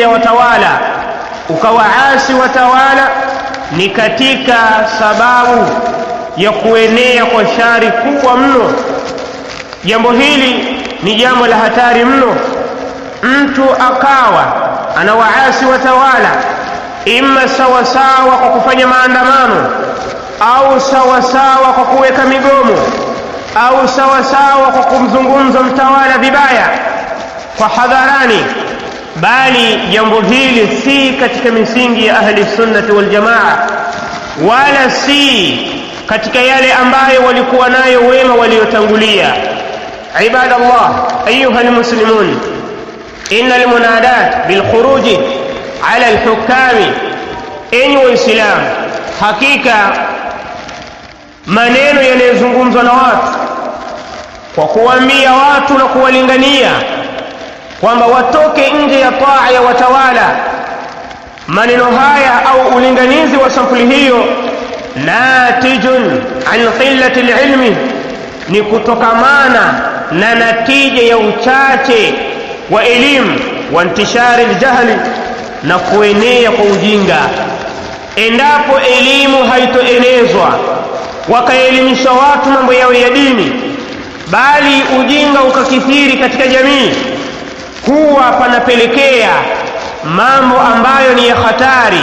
ya watawala, ukawaasi watawala, ni katika sababu ya kuenea kwa shari kubwa mno. Jambo hili ni jambo la hatari mno, mtu akawa anawaasi watawala, ima sawasawa kwa kufanya maandamano au sawasawa kwa kuweka migomo au sawasawa kwa kumzungumza mtawala vibaya kwa hadharani bali jambo hili si katika misingi ya ahli sunnati wal jamaa, wala si katika yale ambayo walikuwa nayo wema waliotangulia. Ibadallah, ayuha lmuslimun, inna lmunadat bilkhuruji ala lhukami, enyi islam hakika maneno yanayozungumzwa na watu kwa kuwaambia watu na kuwalingania kwamba watoke nje ya taa ya watawala. Maneno haya au ulinganizi wa sampuli hiyo natijun an qillati lilmi, ni kutokamana na natija ya uchache wa elimu wa ntishari ljahli, na kuenea kwa ujinga. Endapo elimu haitoenezwa wakaelimisha watu mambo yao ya dini, bali ujinga ukakithiri katika jamii huwa panapelekea mambo ambayo ni ya hatari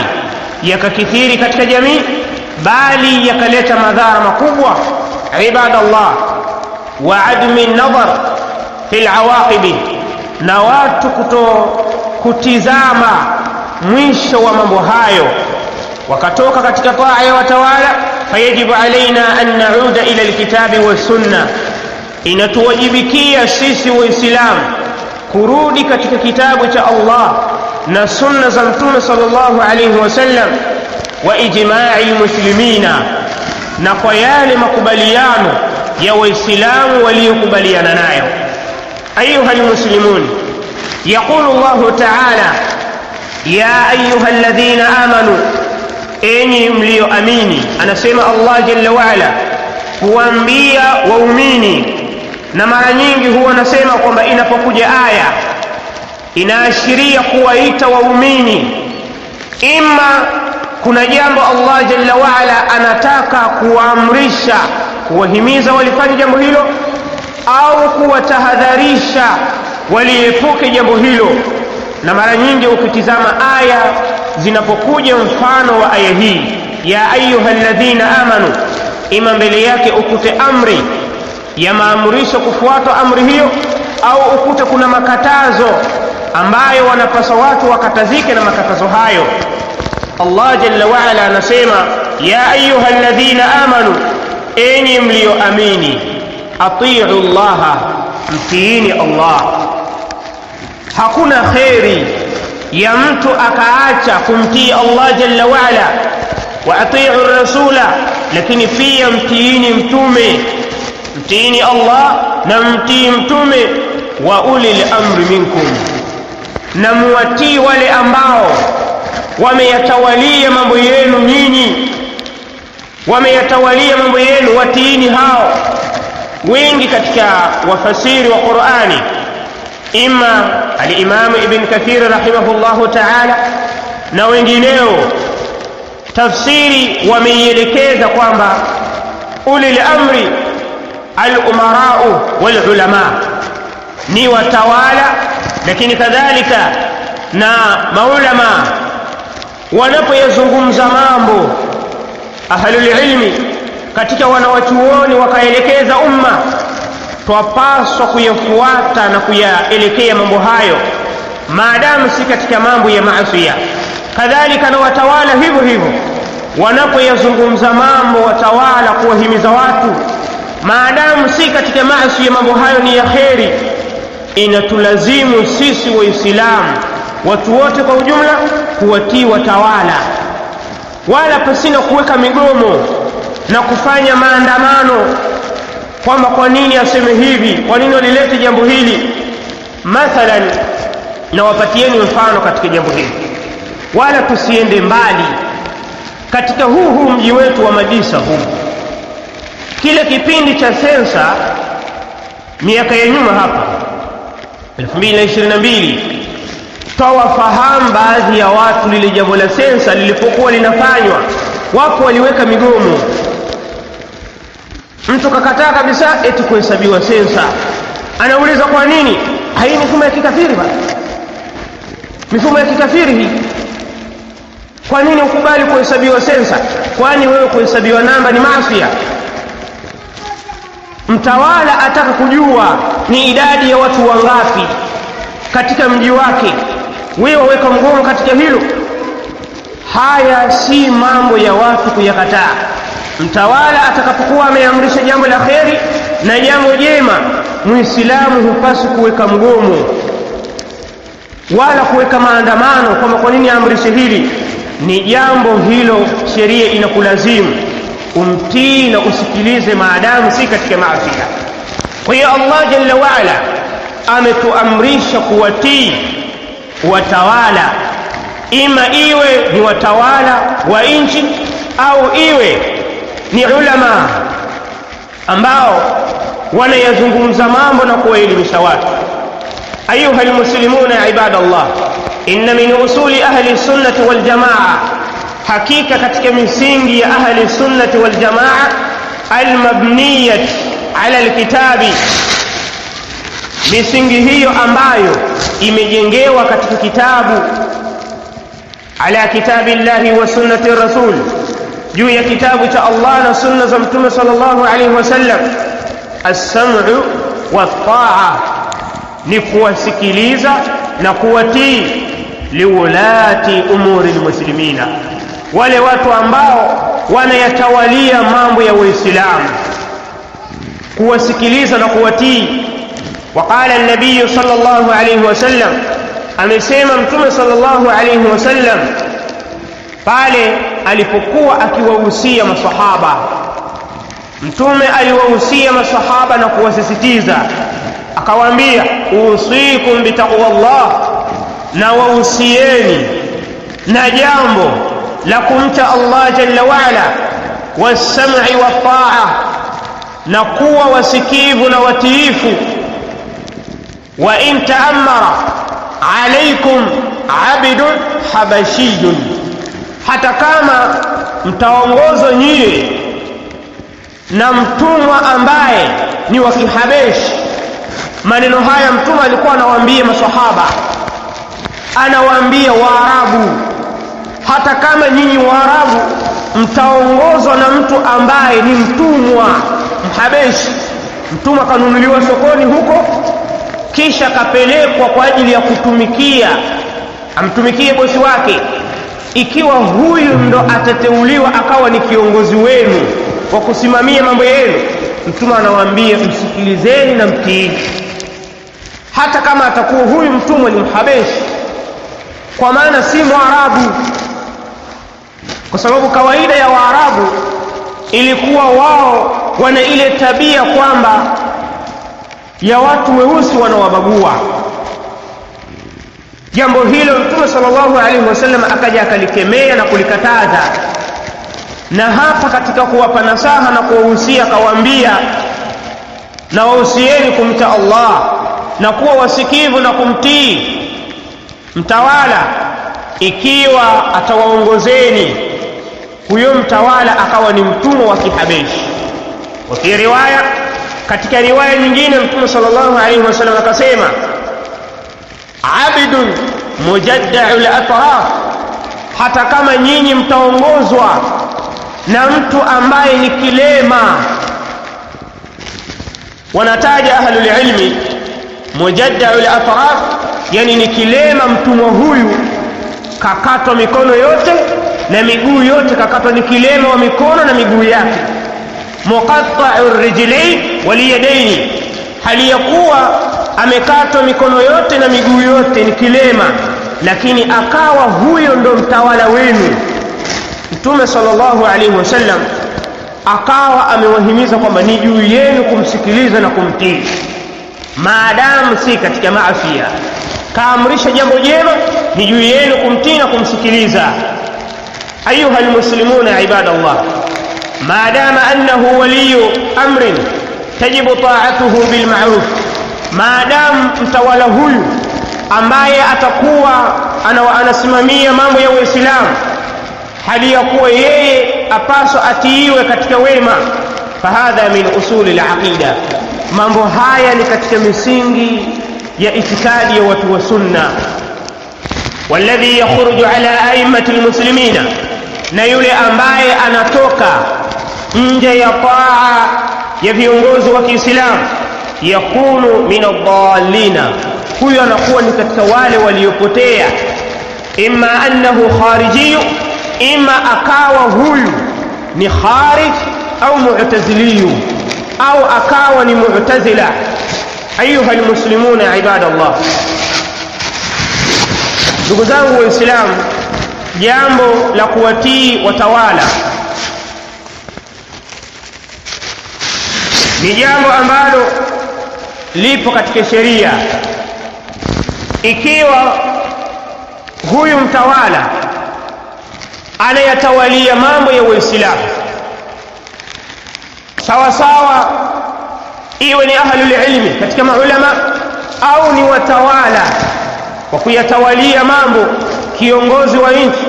yakakithiri katika jamii, bali yakaleta madhara makubwa. Ibadallah, wa admi nadhar fi lawaqibi, na watu kuto kutizama mwisho wa mambo hayo wakatoka katika taa ya watawala. Fayajibu alaina an nauda ila lkitabi wassunna, inatuwajibikia sisi Waislamu kurudi katika kitabu cha Allah na sunna za mtume sallallahu alaihi wasallam wa ijmai muslimina, na kwa yale makubaliano ya Waislamu waliokubaliana nayo. Ayuha lmuslimun, yaqulu llahu taala ya ayuha alladhina amanu, enyi mliyoamini. Anasema Allah jalla waala kuwaambia waumini na mara nyingi huwa nasema kwamba inapokuja aya inaashiria kuwaita waumini, ima kuna jambo Allah jalla waala anataka kuwaamrisha, kuwahimiza walifanye jambo hilo, au kuwatahadharisha waliepuke jambo hilo. Na mara nyingi ukitizama aya zinapokuja mfano wa aya hii ya ayuha alladhina amanu, ima mbele yake ukute amri ya maamrisho kufuatwa amri hiyo, au ukute kuna makatazo ambayo wanapaswa watu wakatazike na makatazo hayo. Allah jalla waala anasema ya ayuha ladhina amanu, enyi mliyoamini, atiu llaha, mtiini Allah. Hakuna kheri ya mtu akaacha kumtii Allah jalla waala. Wa atiu rasula, lakini pia mtiini mtume mtiini Allah na mtii mtume wa ulil amri minkum, na muwatii wale ambao wameyatawalia mambo yenu nyinyi, wameyatawalia mambo yenu, watiini hao. Wengi katika wafasiri wa Qur'ani, ima alimamu Ibn Kathir rahimahullahu ta'ala na wengineo, tafsiri wameielekeza kwamba ulil amri alumarau walulama ni watawala, lakini kadhalika na maulama wanapoyazungumza mambo ahlulilmi katika wanawachuoni wakaelekeza umma, twapaswa kuyafuata na kuyaelekea mambo hayo, maadamu si katika mambo ya maasia. Kadhalika na watawala hivyo hivyo wanapoyazungumza mambo, watawala kuwahimiza watu maadamu si katika maasi ya mambo hayo ni ya kheri, inatulazimu sisi Waislamu watu wote kwa ujumla kuwatii watawala, wala pasina kuweka migomo na kufanya maandamano kwamba kwa nini aseme hivi, kwa nini walilete jambo hili. Mathalan, nawapatieni mfano katika jambo hili, wala tusiende mbali katika huu huu mji wetu wa Madisa huu kile kipindi cha sensa miaka ya nyuma hapa 2022 twawafahamu baadhi ya watu lile jambo la sensa lilipokuwa linafanywa wapo waliweka migomo mtu kakataa kabisa eti kuhesabiwa sensa anauliza kwa nini hii mifumo ya kikafiri bana mifumo ya kikafiri hii kwa nini ukubali kuhesabiwa sensa kwani wewe kuhesabiwa namba ni maasia Mtawala ataka kujua ni idadi ya watu wangapi katika mji wake, wewe waweka mgomo katika hilo. Haya si mambo ya watu kuyakataa. Mtawala atakapokuwa ameamrisha jambo la kheri na jambo jema, Muislamu hupaswi kuweka mgomo wala kuweka maandamano, kwamba kwa nini aamrishe hili. Ni jambo hilo sheria inakulazimu umtii na usikilize maadamu si katika maafia. Kwa hiyo Allah jalla waala ametuamrisha kuwatii watawala, ima iwe ni watawala wa nchi au iwe ni ulama ambao wanayazungumza mambo na kuwaelimisha watu. Ayuha lmuslimuna ibada llah inna min usuli ahli sunnati waljamaa Hakika katika misingi ya ahli sunnati waljamaa almabniyat ala lkitabi misingi hiyo ambayo imejengewa katika kitabu, ala kitabi llahi wa sunnati rasul, juu ya kitabu cha Allah na sunna za Mtume sallallahu alaihi wasallam. Assam'u wa taa, ni kuwasikiliza na kuwatii, liulati umuri lmuslimina wale watu ambao wanayatawalia mambo ya Uislamu, kuwasikiliza na kuwatii. Waqala nabiyu sallallahu alayhi wasallam, amesema Mtume sallallahu alayhi wasallam pale alipokuwa akiwahusia masahaba. Mtume aliwahusia masahaba na kuwasisitiza akawaambia, usikum bitaqwa llah, na wahusieni na jambo لكنت Allah jalla waala wasam'i wataa na kuwa wasikivu na watiifu wa in taamara alaikum abidun habashiyun hata kama mtaongozwa nyie na mtumwa ambaye ni wa kihabeshi maneno haya mtume alikuwa anawaambia masahaba anawaambia waarabu hata kama nyinyi Waarabu mtaongozwa na mtu ambaye ni mtumwa mhabeshi. Mtumwa akanunuliwa sokoni huko, kisha kapelekwa kwa ajili ya kutumikia, amtumikie bosi wake. Ikiwa huyu ndo atateuliwa akawa ni kiongozi wenu wa kusimamia mambo yenu, mtumwa anawaambia msikilizeni na mtiini, hata kama atakuwa huyu mtumwa ni mhabeshi, kwa maana si Mwarabu kwa sababu kawaida ya Waarabu ilikuwa wao wana ile tabia kwamba ya watu weusi wanawabagua. Jambo hilo Mtume sallallahu alaihi wasallam akaja akalikemea na kulikataza, na hapa katika kuwapa nasaha na kuwahusia akawaambia, na wahusieni kumcha Allah na kuwa wasikivu na kumtii mtawala ikiwa atawaongozeni huyo mtawala akawa ni mtumwa wa Kihabeshi. Wa riwaya, katika riwaya nyingine Mtume sallallahu alaihi wasallam akasema, abdun mujaddau latraf, hata kama nyinyi mtaongozwa na mtu ambaye ni kilema. Wanataja ahlulilmi mujaddau latraf, yani ni kilema mtumwa huyu kakatwa mikono yote na miguu yote, kakatwa ni kilema wa mikono na miguu yake, muqatta'ur rijlay wal yadaini, hali ya kuwa amekatwa mikono yote na miguu yote, ni kilema, lakini akawa huyo ndo mtawala wenu. Mtume sallallahu alayhi wasallam akawa amewahimiza kwamba ni juu yenu kumsikiliza na kumtii maadamu si katika maafia. Kaamrisha jambo jema ni juu yenu kumtii na kumsikiliza. Ayuha lmuslimuna ibada llah, maadama annahu waliyu amrin tajibu taatuhu bilmaruf, maadamu mtawala huyu ambaye atakuwa anasimamia mambo ya Uislamu hali ya kuwa yeye apaswa atiiwe katika wema, fahadha min usuli laqida, mambo haya ni katika misingi ya itikadi ya watu wa sunna walladhi yakhruju ala aimati lmuslimina, na yule ambaye anatoka nje ya taa ya viongozi wa Kiislamu, yakunu min aldalina, huyo anakuwa ni katika wale waliopotea. Imma annahu kharijiyu, imma akawa huyu ni kharij au mu'taziliyu, au akawa ni mu'tazila. Ayuha lmuslimuna ibada llah Ndugu zangu Waislamu, jambo la kuwatii watawala ni jambo ambalo lipo katika sheria. Ikiwa huyu mtawala anayatawalia mambo ya Waislamu sawasawa, iwe ni ahlul ilmi katika maulama au ni watawala kwa kuyatawalia mambo kiongozi wa nchi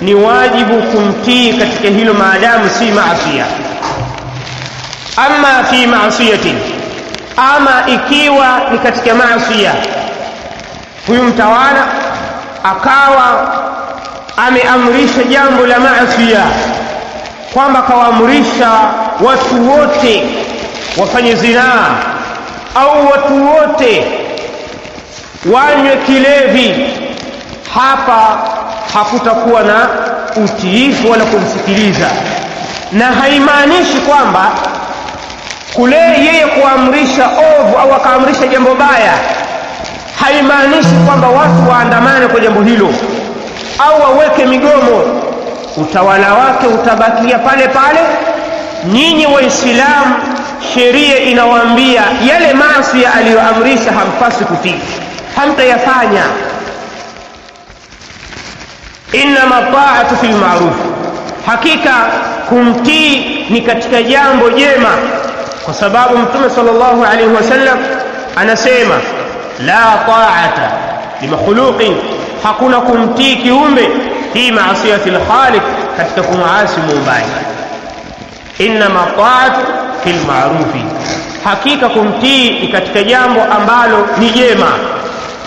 ni wajibu kumtii katika hilo maadamu si maasia. Ama fi maasiyati ama ikiwa ni katika maasia, huyu mtawala akawa ameamrisha jambo la maasia, kwamba kawaamrisha watu wote wafanye zinaa au watu wote wanywe kilevi, hapa hakutakuwa na utiifu wala kumsikiliza, na haimaanishi kwamba kule yeye kuamrisha ovu au akaamrisha jambo baya, haimaanishi kwamba watu waandamane kwa jambo hilo au waweke migomo. Utawala wake utabakia pale pale. Nyinyi Waislamu, sheria inawaambia yale maasi aliyoamrisha hampasi kutii. hamtayafanya innama taatu fi lmaruf hakika kumtii ni katika jambo jema kwa sababu mtume sallallahu alaihi wasallam anasema la taata limakhuluqin hakuna kumtii kiumbe fi maasiyati lkhaliq katika kumwasi muumbaji innama taatu fi lmarufi hakika kumtii ni katika jambo ambalo ni jema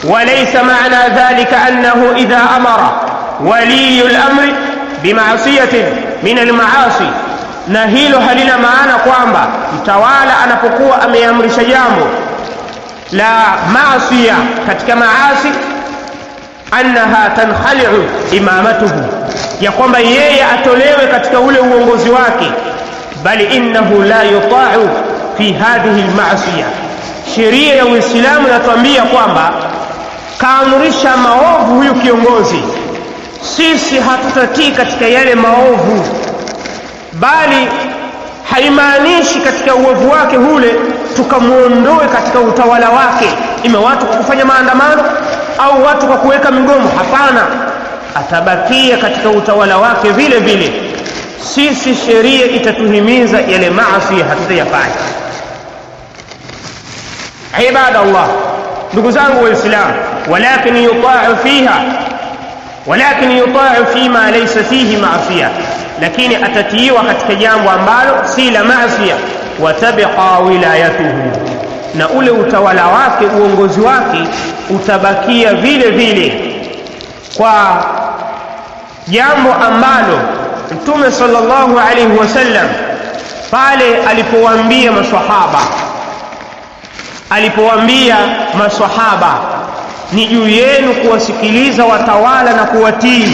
وليس معنى ذلك أنه إذا أمر ولي الأمر بمعصية من المعاصي na hilo halina maana kwamba mtawala anapokuwa ameamrisha jambo la maasiya katika maasi annaha tankhaliu imamatuhu ya kwamba yeye atolewe katika ule uongozi wake bali innahu la yutau fi hadhihi lmasiya sheria ya uislamu inatuambia kwamba kaamrisha maovu huyu kiongozi, sisi hatutatii katika yale maovu, bali haimaanishi katika uovu wake hule tukamwondoe katika utawala wake, ima watu kwa kufanya maandamano au watu kwa kuweka migomo. Hapana, atabakia katika utawala wake vile vile. Sisi sheria itatuhimiza yale maasi hatutayafanya. Ibada Allah, ndugu zangu Waislamu. ولكن يطاع فيها ولكن يطاع فيما ليس فيه معصية لكن أتتي وقتك جامب وأمبال سيل معصية وتبقى ولايته نقول وتولى واكي وانجز واكي وتبكي فيل فيل و جامب أمبال ثم صلى الله عليه وسلم قال ألفوانبيا مصحابة ألفوانبيا مصحابة ni juu yenu kuwasikiliza watawala na kuwatii.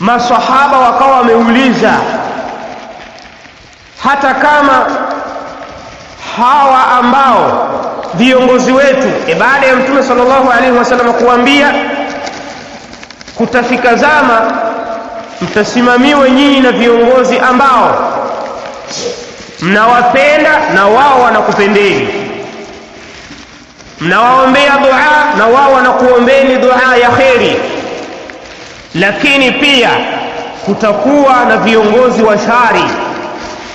Masahaba wakawa wameuliza, hata kama hawa ambao viongozi wetu e, baada ya Mtume sallallahu alaihi wasallam kuambia kutafika zama mtasimamiwe nyinyi na viongozi ambao mnawapenda na wao wanakupendeni mnawaombea dua na wao wanakuombeeni dua ya kheri, lakini pia kutakuwa na viongozi wa shari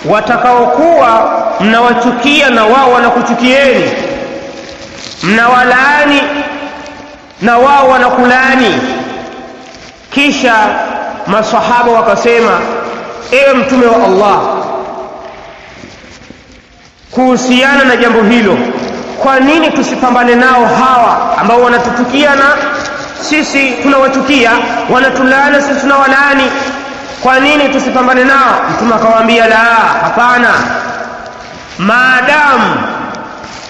watakaokuwa mnawachukia na wao wanakuchukieni, mnawalaani na wao wanakulaani. Kisha masahaba wakasema, ewe Mtume wa Allah, kuhusiana na jambo hilo kwa nini tusipambane nao hawa ambao wanatuchukia na sisi tunawachukia, wanatulaana sisi tunawalaani? Kwa nini tusipambane nao? Mtume akawaambia la, hapana, maadamu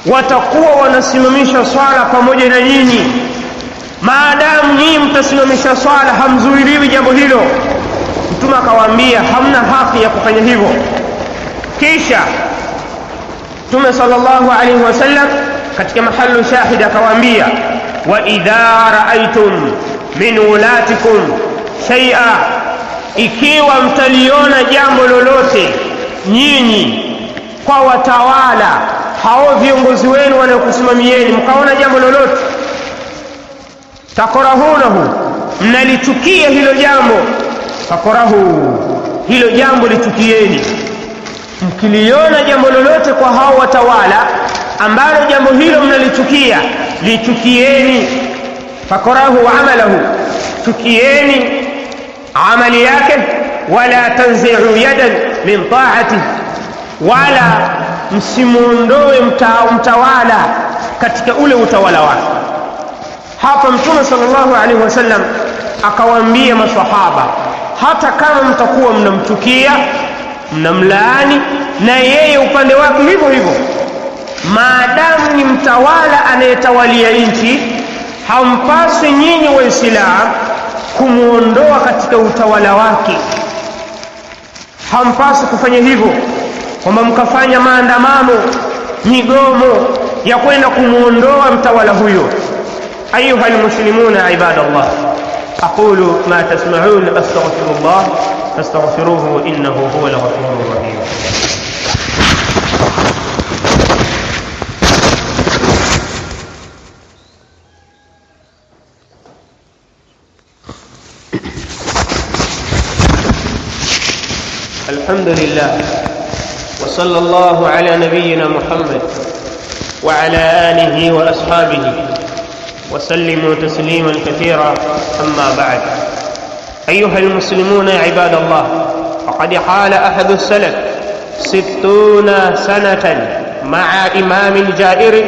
watakuwa wanasimamisha swala pamoja na nyinyi, maadamu nyinyi mtasimamisha swala, hamzuiliwi jambo hilo. Mtume akawaambia hamna haki ya kufanya hivyo. Kisha Mtume sallallahu alaihi wasallam katika mahalu shahid akawaambia, wa idha raaitum min wulatikum shaia, ikiwa mtaliona jambo lolote nyinyi kwa watawala hao viongozi wenu wanaokusimamieni, mkaona jambo lolote takorahunahu, mnalichukia hilo jambo, fakorahu, hilo jambo lichukieni mkiliona jambo lolote kwa hao watawala ambalo jambo hilo mnalichukia, lichukieni. Fakrahu amalahu, chukieni amali yake. Wala tanziu yadan min taatih, wala msimwondoe mtawala katika ule utawala wake. Hapa Mtume sallallahu alaihi wasallam akawaambia maswahaba, hata kama mtakuwa mnamchukia mnamlaani na yeye upande wake hivyo hivyo. Maadamu ni mtawala anayetawalia nchi, hampaswi nyinyi Waislamu kumwondoa katika utawala wake, hampaswi kufanya hivyo kwamba mkafanya maandamano, migomo ya kwenda kumwondoa mtawala huyo. Ayuha lmuslimuna ibadallah أقول ما تسمعون أستغفر الله فاستغفروه إنه هو الغفور الرحيم الحمد لله وصلى الله على نبينا محمد وعلى آله وأصحابه وسلموا تسليما كثيرا أما بعد أيها المسلمون يا عباد الله فقد حال أحد السلف ستون سنة مع إمام جائر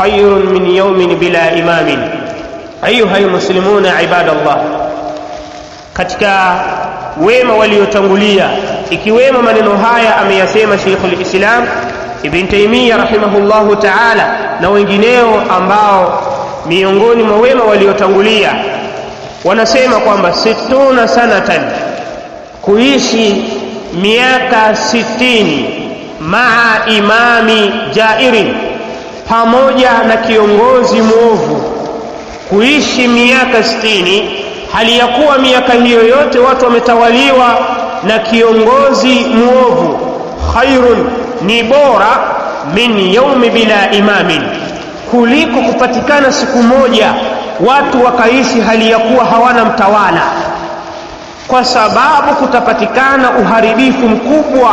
خير من يوم بلا إمام أيها المسلمون يا عباد الله katika إكي waliotangulia من نهاية haya ameyasema شيخ الإسلام ابن تيمية رحمه الله تعالى نوينجينيو أمباو miongoni mwa wema waliotangulia wanasema kwamba situna sanatan, kuishi miaka sitini maa imami jairin, pamoja na kiongozi mwovu. Kuishi miaka sitini hali ya kuwa miaka hiyo yote watu wametawaliwa na kiongozi mwovu, khairun, ni bora min yaumi bila imamin kuliko kupatikana siku moja watu wakaishi hali ya kuwa hawana mtawala, kwa sababu kutapatikana uharibifu mkubwa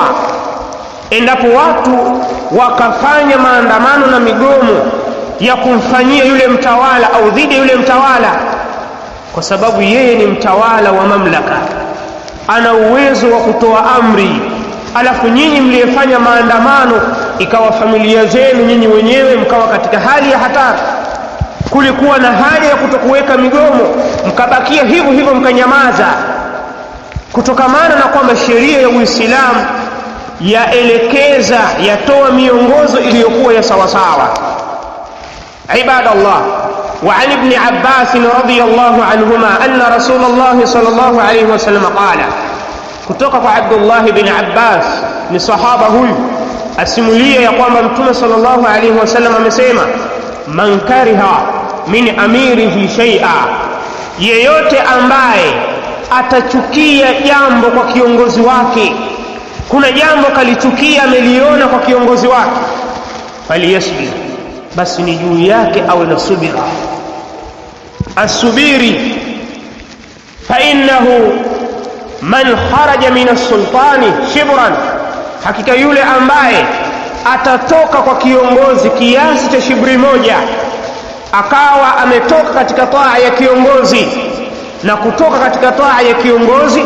endapo watu wakafanya maandamano na migomo ya kumfanyia yule mtawala au dhidi ya yule mtawala, kwa sababu yeye ni mtawala wa mamlaka, ana uwezo wa kutoa amri. Alafu nyinyi mliyefanya maandamano ikawa familia zenu nyinyi wenyewe mkawa katika hali ya hatari kulikuwa na hali ya kutokuweka migomo mkabakia hivyo hivyo mkanyamaza kutokamana na kwamba sheria ya uislamu yaelekeza yatoa miongozo iliyokuwa ya sawasawa ibadallah وعن ابن عباس رضي الله عنهما أن رسول الله صلى الله عليه وسلم قال كتوقف عبد الله بن عباس لصحابه asimulie ya kwamba mtume sallallahu alaihi wasallam amesema man kariha min amirihi shaia yeyote ambaye atachukia jambo kwa kiongozi wake kuna jambo kalichukia ameliona kwa kiongozi wake faliyasbir basi ni juu yake awe na subira asubiri fainahu man kharaja min alsultani shibran hakika yule ambaye atatoka kwa kiongozi kiasi cha shibri moja akawa ametoka katika taa ya kiongozi na kutoka katika taa ya kiongozi,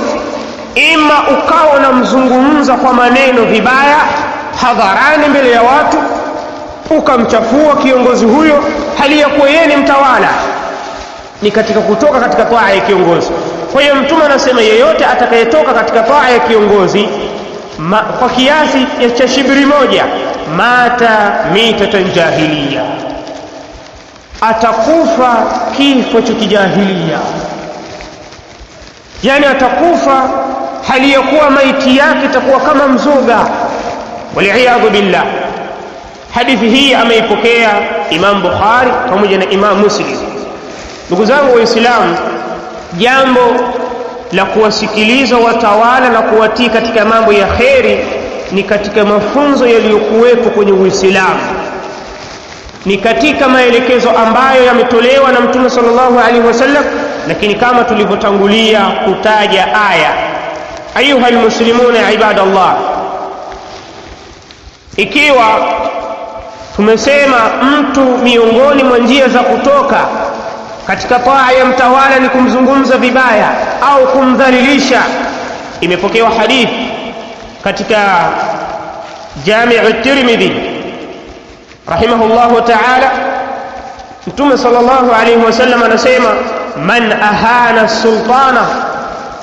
ima ukawa unamzungumza kwa maneno vibaya hadharani mbele ya watu, ukamchafua kiongozi huyo hali ya kuwa yeye ni mtawala, ni katika kutoka katika taa ya kiongozi. Kwa hiyo Mtume anasema yeyote atakayetoka katika taa ya kiongozi ma, kwa kiasi cha shibiri moja, mata mitatan jahiliya, atakufa kifo cha kijahiliya, yani atakufa hali ya kuwa maiti yake itakuwa kama mzoga, waliyadhu billah. Hadithi hii ameipokea Imam Bukhari pamoja na Imam Muslim. Ndugu zangu Waislamu, jambo la kuwasikiliza watawala na kuwatii katika mambo ya kheri ni katika mafunzo yaliyokuwepo kwenye Uislamu, ni katika maelekezo ambayo yametolewa na Mtume sallallahu alaihi wasallam. Lakini kama tulivyotangulia kutaja aya, ayuha almuslimuna ibadallah, ikiwa tumesema mtu miongoni mwa njia za kutoka katika taa ya mtawala ni kumzungumza vibaya au kumdhalilisha imepokewa hadithi katika jamiu tirmidhi rahimahullahu taala mtume sallallahu alaihi wasallam anasema man ahana sultana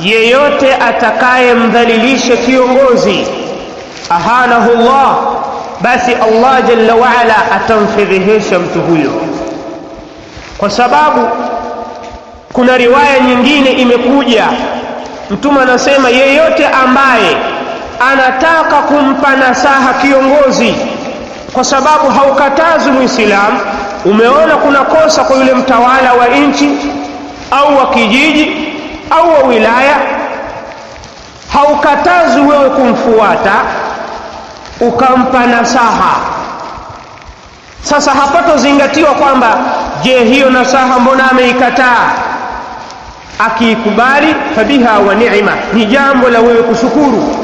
yeyote atakayemdhalilisha kiongozi ahanahu llah basi allah jalla waala atamfedhehesha mtu huyo kwa sababu kuna riwaya nyingine imekuja, Mtume anasema yeyote ambaye anataka kumpa nasaha kiongozi, kwa sababu haukatazi Muislamu, umeona kuna kosa kwa yule mtawala wa nchi au wa kijiji au wa wilaya, haukatazi wewe kumfuata ukampa nasaha. Sasa hapatozingatiwa kwamba Je, hiyo nasaha mbona ameikataa? Akiikubali fabiha wa ni'ma, ni jambo la wewe kushukuru.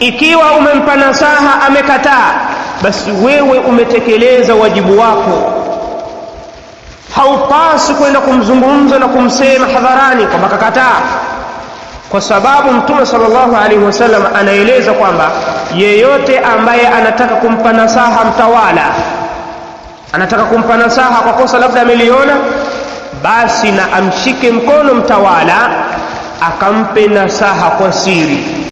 Ikiwa umempa nasaha amekataa, basi wewe umetekeleza wajibu wako. Haupasi kwenda kumzungumza na kumsema hadharani kwamba kakataa, kwa sababu Mtume sallallahu alaihi wasallam anaeleza kwamba yeyote ambaye anataka kumpa nasaha mtawala anataka kumpa nasaha kwa kosa labda ameliona, basi na amshike mkono mtawala akampe nasaha kwa siri.